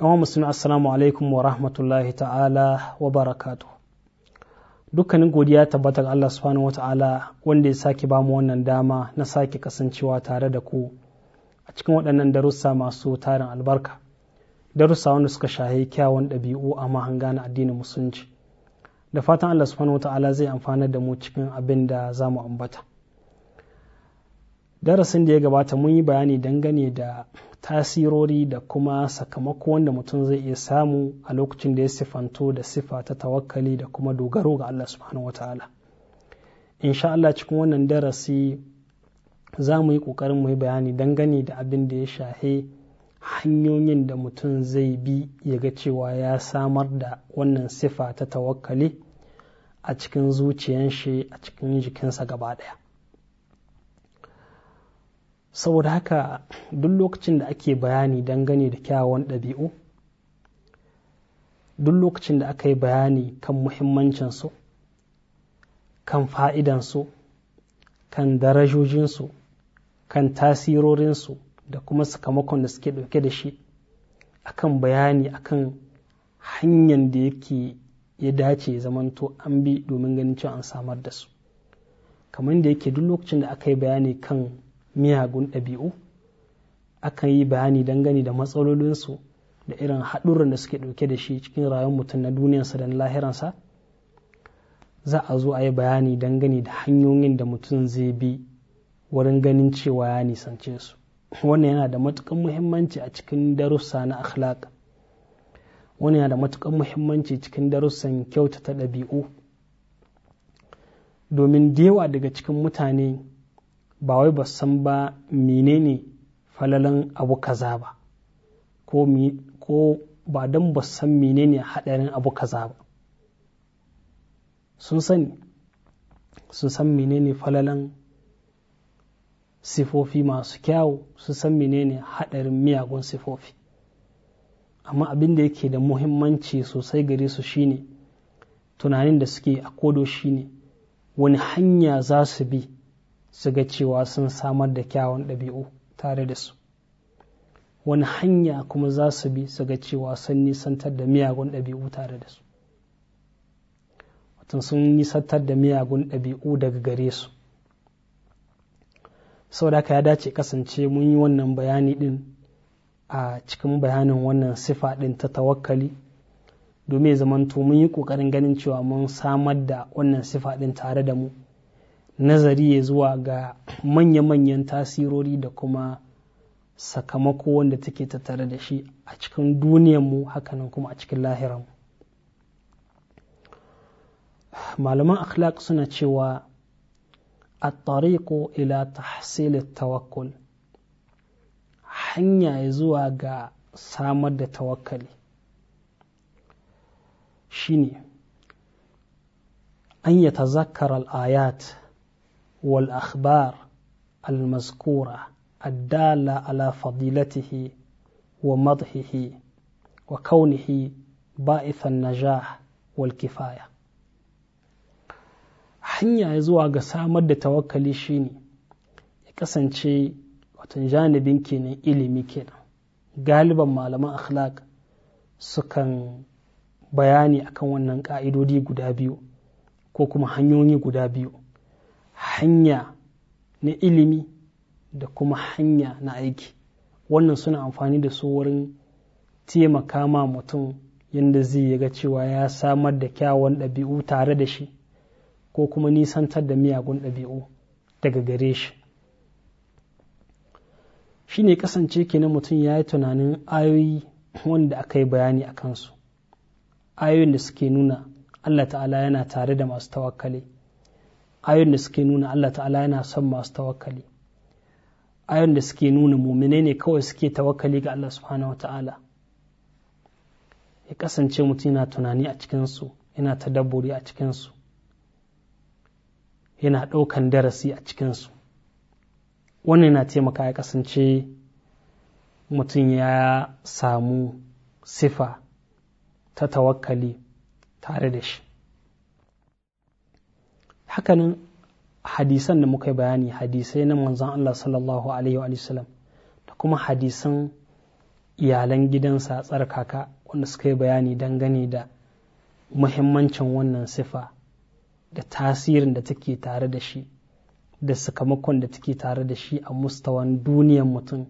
yawan musulmi assalamu alaikum wa rahmatullahi ta'ala wa barakatu dukkanin godiya tabbatar Allah subhanahu wa ta'ala wanda ya sake ba mu wannan dama na sake kasancewa tare da ku a cikin waɗannan darussa masu tarin albarka darussa wanda suka shahi kyawun ɗabi'u a mahanga na addinin musulunci da fatan Allah subhanahu wa ta'ala zai amfana da mu cikin abin da za mu ambata darasin da ya gabata mun yi bayani dangane da tasirori da kuma sakamako wanda mutum zai iya samu a lokacin da ya sifanto da sifa ta tawakkali da kuma dogaro ga Allah subhanahu ta'ala insha Allah cikin wannan darasi za mu yi ƙoƙarin mu yi bayani dangane da abin da ya shahe hanyoyin da mutum zai bi ya ga cewa ya samar da wannan sifa ta tawakkali a cikin zuciyan shi a cikin jikinsa gaba ɗaya saboda haka duk lokacin da ake bayani dangane da kyawawan ɗabi'u duk lokacin da aka yi bayani kan muhimmancinsu kan fa'idansu kan darajojinsu kan tasirorinsu da kuma sakamakon da suke ɗauke da shi akan bayani akan hanyar da yake ya dace zamanto an bi domin ganin cewa an samar da su kamar da yake duk lokacin da aka yi bayani kan miyagun ɗabi'u akan yi bayani dangane da matsalolinsu da irin haɗurran da suke ɗauke da shi cikin rayuwar mutum na duniyarsa da na lahiransa za a zo a yi bayani dangane da hanyoyin da mutum zai bi wurin ganin cewa ya nisance su wannan yana da matukan muhimmanci a cikin darussa na akhlaq wannan yana da matukan muhimmanci cikin darussan kyautata ɗabi'u domin da daga cikin mutane ba wai ba san ba menene falalan abu kaza ba ko ba don ba san menene haɗarin abu kaza ba sun sani sun san menene falalan sifofi masu kyawu sun san menene haɗarin miyagun sifofi amma abin da yake da muhimmanci sosai gare su shine tunanin da suke a kodo shine wani hanya za su bi su ga cewa sun samar da kyawun ɗabi'u tare da su wani hanya kuma za su bi su ga cewa sun nisantar da miyagun ɗabi'u tare da su watan sun nisantar da miyagun ɗabi'u daga gare su saboda haka ya dace kasance mun yi wannan bayani ɗin a cikin bayanin wannan sifa ɗin ta tawakkali domin zamanto mun yi ƙoƙarin ganin cewa mun samar da wannan sifa ɗin tare da mu nazari ya zuwa ga manya-manyan tasirori da kuma sakamako wanda take tattare da shi a cikin duniyanmu hakanan kuma a cikin lahiran. malaman akhlaq suna cewa ila إلى تحصيل tawakkul, hanya zuwa ga samar da tawakkali shine an ya tazakkar al'ayat almaskura والأخبار المذكورة wa على wa ومضحه وكونه باعث النجاح والكفاية hanya ya zuwa ga samar da tawakkali shine ya kasance watan janibin kenan ilimi kenan galiban malaman akhlaq sukan bayani akan wannan ƙa'idodi guda biyu ko kuma hanyoyi guda biyu hanya na ilimi da kuma hanya na aiki wannan suna amfani da su wurin taimaka ma mutum yadda zai ga cewa ya samar da kyawun ɗabi'u tare da shi ko kuma nisantar da miyagun ɗabi'u daga gare shi shi ne kasance kenan mutum ya yi tunanin ayoyi wanda aka yi bayani a kansu ayoyin da suke nuna allah ta'ala yana tare da masu tawakkali ayon da suke nuna Allah ta'ala yana son masu tawakkali ayon da suke nuna muminai ne kawai suke tawakkali ga Allah subhanahu wata'ala ya kasance mutum yana tunani a cikinsu yana tadabburi a cikinsu yana ɗaukan darasi a cikinsu wannan yana taimaka ya kasance mutum ya samu sifa ta tawakkali tare da shi hakanan hadisan da muka bayani hadisai na manzan Allah sallallahu alaihi wa da kuma hadisan iyalan gidansa kaka wanda suka yi bayani dangane da muhimmancin wannan sifa da tasirin da take tare da shi da sakamakon da take tare da shi a mustawan duniyan mutum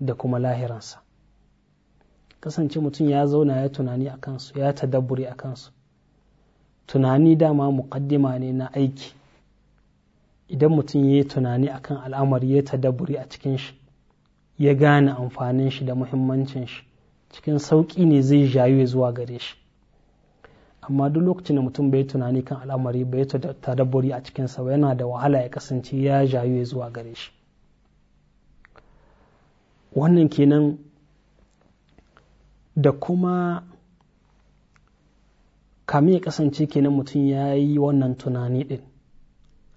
da kuma lahiransa kasance mutum ya zauna ya tunani a kansu ya tadabburi a kansu tunani dama muƙaddima ne na aiki idan mutum ya yi tunani akan al'amari ya tadabburi a cikin shi ya gane amfanin shi da muhimmancin shi cikin sauƙi ne zai jayo zuwa gare shi amma duk lokacin da mutum bai tunani kan al'amari bai tadabburi a cikinsa ba yana da wahala ya kasance ya jayo zuwa gare shi wannan kenan da kuma kamin ya kasance kenan mutum ya yi wannan tunani din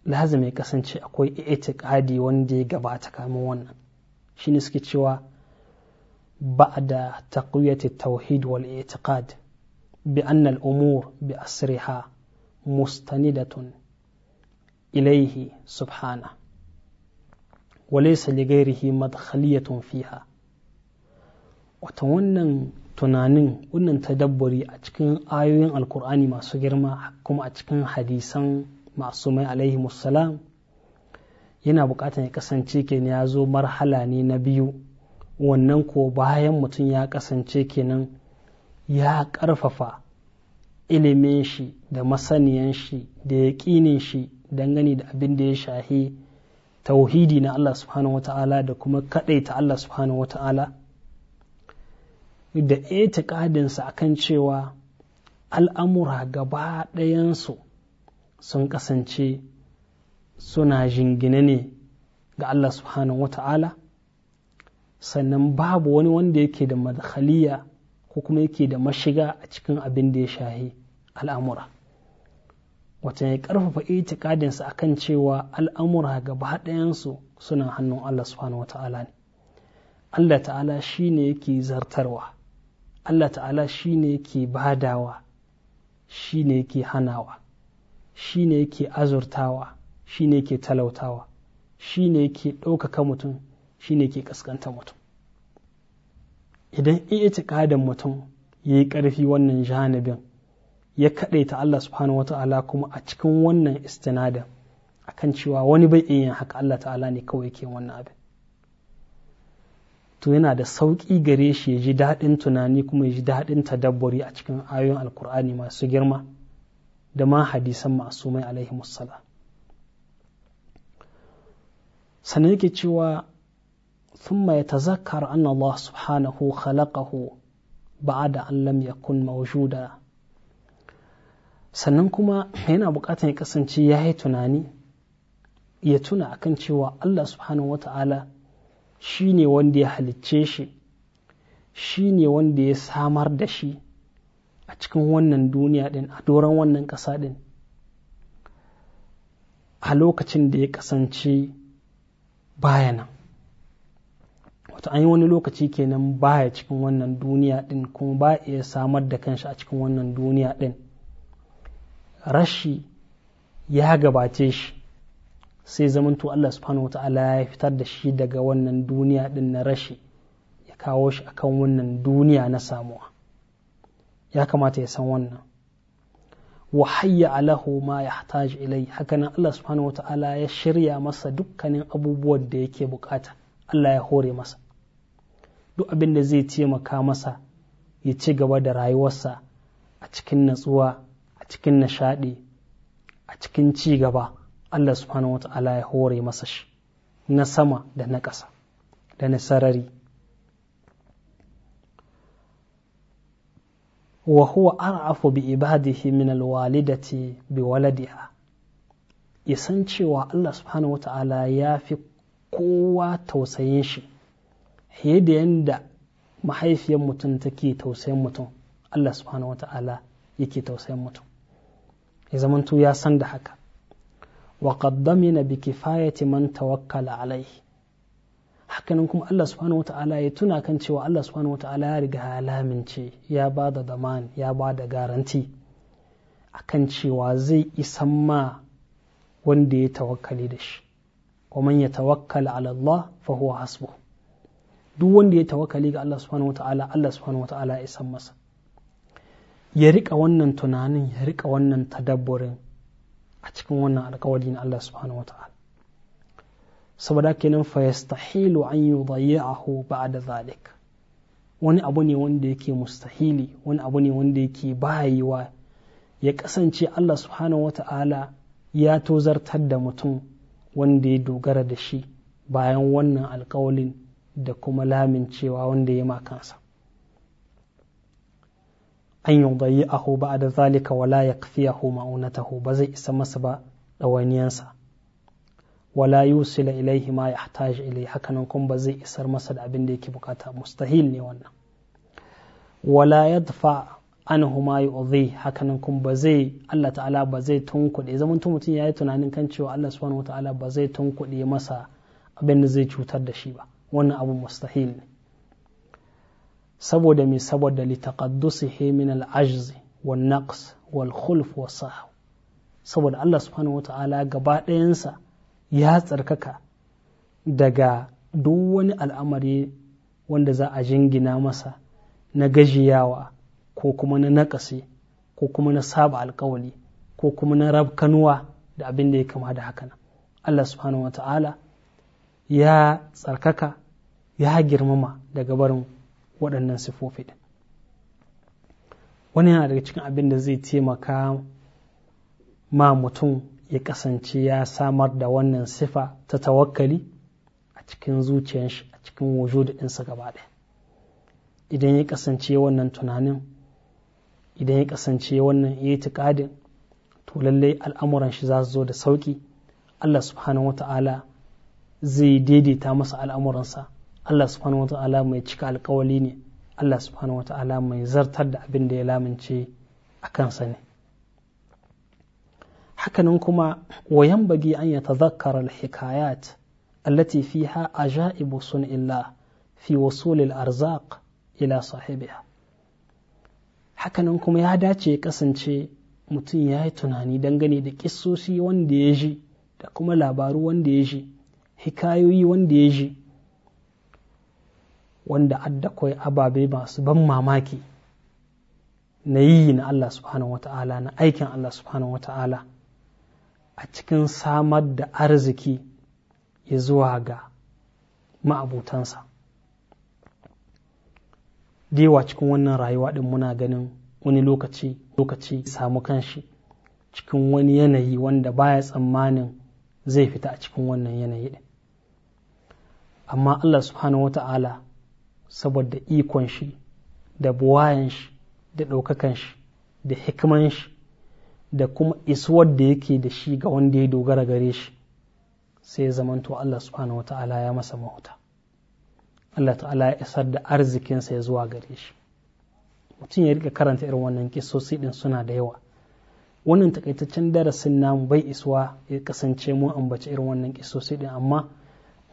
lazim ya kasance akwai itikadi wanda ya gabata kamin wannan shine suke cewa da taqwiyati tauhid wal i'tiqad bi anna umur bi asriha mustanidatun ilayhi subhana wa laysa li ghayrihi madkhaliyatun fiha wata wannan tunanin wannan tadabbari a cikin ayoyin alkur'ani masu girma kuma a cikin hadisan masu mai alaihi musalam yana bukatar ya kasance kenan ya zo marhala ne na biyu wannan ko bayan mutum ya kasance kenan ya karfafa ilimin shi da masaniyan shi da yaƙinin shi dangane da abin da ya shahi tauhidi na Allah subhanahu ta'ala da kuma kaɗaita Allah subhanahu ta'ala da a kan cewa al'amura gaba ɗayansu sun kasance suna jingine ne ga Allah subhanahu wa ta'ala sannan babu wani wanda yake da madhaliya ko kuma yake da mashiga a cikin abin da ya shahi al'amura wata ya ƙarfafa a kan cewa al'amura gaba ɗayansu suna hannun Allah subhanahu wa ta'ala ne Allah ta'ala shi ne yake zartarwa Allah ta'ala shi ne yake badawa shi ne yake hanawa shi ne yake azurtawa shi ne yake talautawa shi ne yake ɗaukaka mutum shi ne yake ƙasƙanta mutum idan iya mutum ya yi ƙarfi wannan janibin ya kaɗaita Allah subhanahu wa ta'ala kuma a cikin wannan istinadin akan cewa wani bai iya haka Allah ta'ala ne kawai ke wannan abin to yana da sauƙi gare shi ya ji daɗin tunani kuma ya ji daɗin tadabbari a cikin ayoyin alkur'ani masu girma da ma hadisan masumai alaihi musala sannan yake cewa thumma ya tazakkar anna Allah subhanahu khalaqahu da an lam yakun mawjuda sannan kuma yana buƙatar ya kasance ya yi tunani ya tuna akan cewa Allah subhanahu wata'ala shi ne wanda ya halicce shi shi ne wanda ya samar da shi a cikin wannan duniya ɗin a doron wannan ƙasa ɗin a lokacin da ya kasance bayanan wato an yi wani lokaci kenan baya cikin wannan duniya ɗin kuma ba iya samar da kanshi a cikin wannan duniya ɗin rashi ya gabace shi sai zamanto Allah subhanahu wata'ala ya fitar da shi daga wannan duniya din na rashi ya kawo shi akan wannan duniya na samuwa ya kamata ya san wannan wa hayya alahu ma hataj ilai nan Allah subhanahu wata'ala ya shirya masa dukkanin abubuwan da yake bukata Allah ya hore masa duk abin da zai taimaka masa ya ci gaba da rayuwarsa a cikin natsuwa a cikin nishaɗi a cikin ci gaba Allah subhanahu wata'ala ya hore masa shi na sama da na ƙasa da na sarari wa huwa ar'afu bi ibadihi min alwalidati bi waladiha san cewa Allah subhanahu wata'ala ya fi kowa tausayin shi fiye da yadda mahaifiyar mutum take tausayin mutum Allah subhanahu wata'ala yake tausayin mutum ya zamantu ya san da haka wa qaddamina bi kifayati man tawakkala hakanan kuma Allah subhanahu wata'ala ya tuna kan cewa Allah subhanahu wata'ala ya riga ya lamince ya ba da zaman ya ba da garanti akan cewa zai isan ma wanda ya tawakkali da shi Waman ya tawakkala ala Allah fa huwa hasbu duk wanda ya tawakkali ga Allah subhanahu wata'ala Allah subhanahu wata'ala ya isan masa ya rika wannan tunanin ya rika wannan tadabburin a cikin wannan alkawari na Allah subhanahu wa ta'ala saboda kenan fa yastahilu an yudayyahu da zalik wani abu ne wanda yake mustahili wani abu ne wanda yake bayiwa ya kasance Allah subhanahu wa ta'ala ya tozartar da mutum wanda ya dogara da shi bayan wannan alkawalin da kuma lamin cewa wanda ya ma kansa an yudayi ahu da zalika wala yakfiyahu ma'unatahu ba zai isa masa ba ɗawainiyansa wala yusila ilaihi ma yahtaj ilai hakanan kuma ba zai isar masa da abin da yake bukata mustahil ne wannan wala yadfa anhu ma yu'dhi hakanan kuma ba zai Allah ta'ala ba zai tunkuɗe zaman tun mutum yi tunanin kan cewa Allah subhanahu wataala ba zai tunkuɗe masa abin da zai cutar da shi ba wannan abu mustahil ne saboda mai saboda litakaddusi min al-ajz wal naqs wal khulf wa sahw saboda Allah subhanahu wata'ala gaba ɗayansa ya tsarkaka daga duk wani al'amari wanda za a jingina masa na gajiyawa ko kuma na naƙasi ko kuma na saba alkawali ko kuma na rabkanuwa da abin da ya kama da hakan Allah subhanahu wata'ala ya tsarkaka ya girmama daga barin waɗannan sifofi ɗin wani yana daga cikin abin da zai taimaka ma mutum ya kasance ya samar da wannan sifa ta tawakkali a cikin zuciyar shi a cikin da ɗinsa gaba ɗaya idan ya kasance wannan tunanin idan ya kasance wannan itiƙadin to lallai al'amuran shi za su zo da sauƙi Allah subhanahu wata'ala zai daidaita masa al'amuransa Allah subhanahu wa ta'ala mai cika alkawali ne Allah subhanahu wa ta'ala mai zartar da abin da ya lamince a kansa ne hakanan kuma wayan bagi an ya tazakkara alhikayat allati fiha ajaibu sun'illah fi wasulil arzaq ila sahibiha hakanan kuma ya dace ya kasance mutum ya yi tunani dangane da kissoshi wanda ya ji da kuma labaru wanda ya ji hikayoyi wanda ya ji wanda addakwai ababe masu ban mamaki na yi na Allah subhanahu wa ta'ala na aikin Allah subhanahu wa ta'ala a cikin samar da arziki ya zuwa ga ma'abutansa dewa cikin wannan rayuwa ɗin muna ganin wani lokaci lokaci samu kanshi cikin wani yanayi wanda baya tsammanin zai fita a cikin wannan yanayi din amma Allah subhanahu wa ta'ala saboda ikon shi da buwayen shi da ɗaukakan shi da hikiman shi da kuma isuwar da yake da shi ga wanda ya dogara gare shi sai ya zamanto Allah subhanahu wa ta'ala ya masa mahuta Allah ta'ala ya isar da arzikinsa ya zuwa gare shi mutum ya rika karanta irin wannan kisosi din suna da yawa wannan takaitaccen darasin namu bai isuwa ya kasance mun ambaci irin wannan kisosi din amma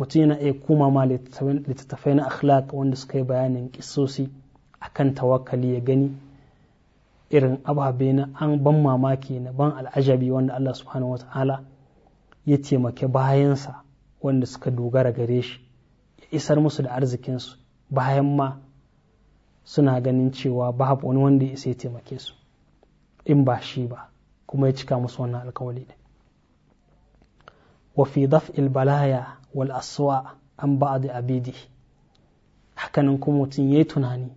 mutum yana iya koma ma littattafai na akhlaq wanda suka yi bayanin kisosi akan tawakali ya gani irin ababe na an ban mamaki na ban al'ajabi wanda Allah subhanahu wata'ala ya taimake bayansa wanda suka dogara gare shi ya isar musu da arzikinsu bayan ma suna ganin cewa babu wani wanda ya isa ya taimake su in ba shi ba kuma ya cika musu wannan alkawali Wa fi وفي دفع البلايا والأسواء عن بعض أبيده hakanan kuma mutum ya yi tunani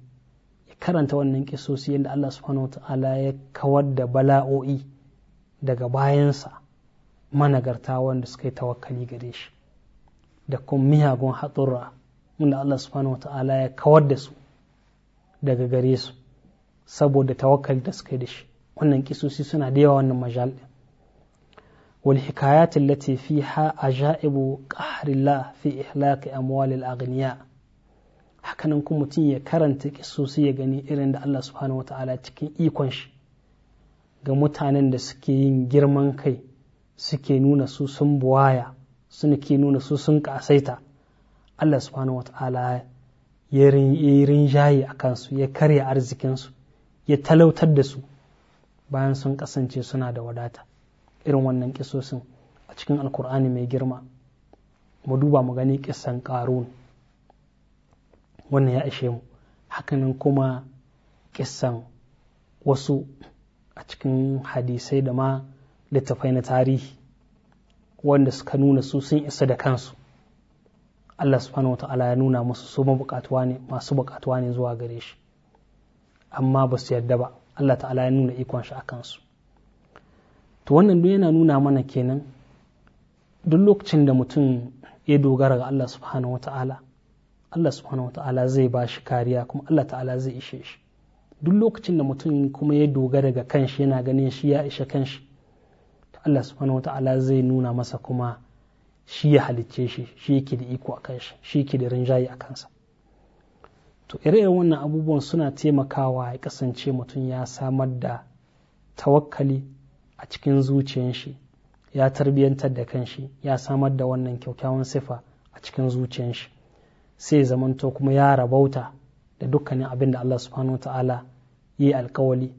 ya karanta wannan kisosi yadda Allah subhanahu ta'ala ya kawar da bala'o'i daga bayansa managarta wanda suka yi tawakkali gare shi da kuma miyagun haɗurra wanda Allah subhanahu ta'ala ya kawar da su daga gare su saboda tawakkali da suka yi da shi wannan kisosi suna da yawa wannan majal والحكايات التي فيها عجائب قهر الله في إهلاك أموال الأغنياء hakanan kuma mutum ya karanta kisosi ya gani irin da Allah subhanahu wa ta'ala cikin ikon shi ga mutanen da suke yin girman kai suke nuna su sun buwaya suna ke nuna su sun kasaita Allah subhanahu wa ta'ala ya rinjaye a kansu ya karya arzikinsu ya talautar da su bayan sun kasance suna da wadata irin wannan kisosin a cikin alkur'ani mai girma mu duba mu gani kisan karun wannan ya ishe mu hakanan kuma kisan wasu a cikin hadisai da ma littafai na tarihi wanda suka nuna su sun isa da kansu Allah subhanahu wa ta'ala ya nuna musu su mabukatuwa ne masu bukatuwa ne zuwa gare shi amma ba su yarda ba Allah ta'ala ya nuna ikon shi a kansu to wannan duk yana nuna mana kenan duk lokacin da mutum ya dogara ga Allah subhanahu wata'ala Allah subhanahu wata'ala zai ba shi kariya kuma Allah ta'ala zai ishe shi duk lokacin da mutum kuma ya dogara ga kanshi yana ganin shi ya ishe kanshi Allah subhanahu wata'ala zai nuna masa kuma shi ya halicce shi shi yake da iko a kanshi shi yake da rinjaye a kansa to ire-iren wannan abubuwan suna taimakawa ya kasance mutum ya samar da tawakkali a cikin zuciyar shi ya tarbiyantar da kanshi ya samar da wannan kyakkyawan sifa a cikin zuciyar shi sai zamanto kuma ya rabauta da dukkanin abin da Allah subhanahu ta'ala yi alkawali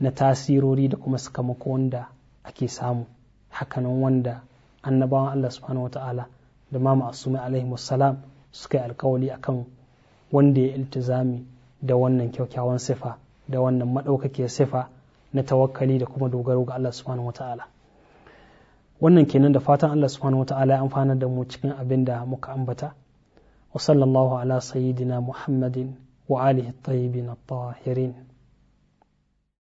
na tasirori da kuma sakamako wanda ake samu hakanan wanda annabawan Allah subhanahu ta'ala da ma ma'asumai alaihi wassalam suka yi alkawali akan wanda ya iltizami da wannan kyakkyawan sifa da wannan maɗaukakiyar sifa na tawakkali da kuma dogaro ga Allah subhanahu wata'ala wannan kenan da fatan Allah subhanahu wata'ala ya amfana da mu cikin abin da muka ambata wa sallallahu ala sayyidina muhammadin wa alihi tayyibin at-tahirin